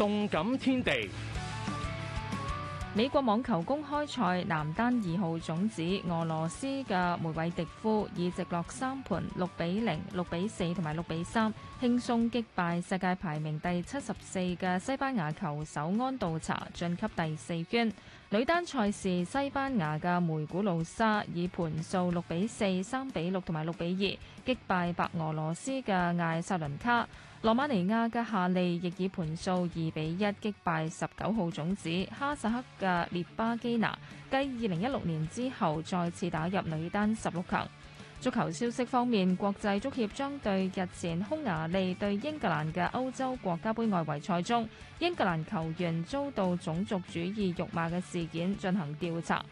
動感天地。美國網球公開賽，男單二號種子、俄羅斯嘅梅韋迪夫，以直落三盤六比零、六比四同埋六比三，輕鬆擊敗世界排名第七十四嘅西班牙球手安度查，晉級第四圈。女單賽事，西班牙嘅梅古露莎，以盤數六比四、三比六同埋六比二，擊敗白俄羅斯嘅艾薩倫卡。羅馬尼亞嘅夏莉，亦以盤數二比一擊敗十九號種子、哈薩克嘅列巴基娜，繼二零一六年之後再次打入女單十六強。足球消息方面，國際足協將對日前匈牙利對英格蘭嘅歐洲國家杯外圍賽中，英格蘭球員遭到種族主義辱罵嘅事件進行調查。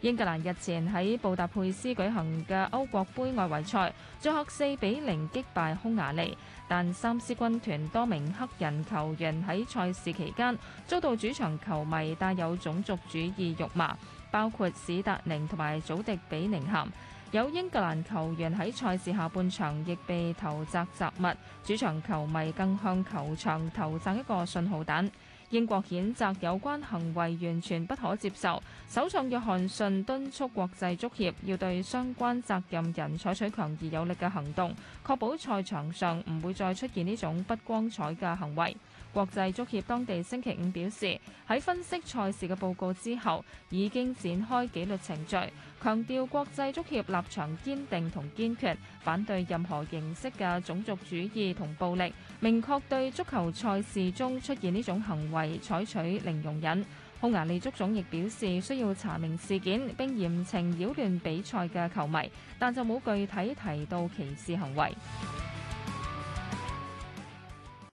英格蘭日前喺布達佩斯舉行嘅歐國杯外圍賽，作客四比零擊敗匈牙利，但三獅軍團多名黑人球員喺賽事期間遭到主場球迷帶有種族主義辱罵，包括史達寧同埋祖迪比寧咸。有英格蘭球員喺賽事下半場亦被投擲雜物，主場球迷更向球場投擲一個信號彈。英國譴責有關行為完全不可接受，首相約翰遜敦促國際足協要對相關責任人採取強而有力嘅行動，確保賽場上唔會再出現呢種不光彩嘅行為。國際足協當地星期五表示，喺分析賽事嘅報告之後，已經展開紀律程序，強調國際足協立場堅定同堅決，反對任何形式嘅種族主義同暴力，明確對足球賽事中出現呢種行為。為採取零容忍，匈牙利足總亦表示需要查明事件，並嚴懲擾亂比賽嘅球迷，但就冇具體提到歧視行為。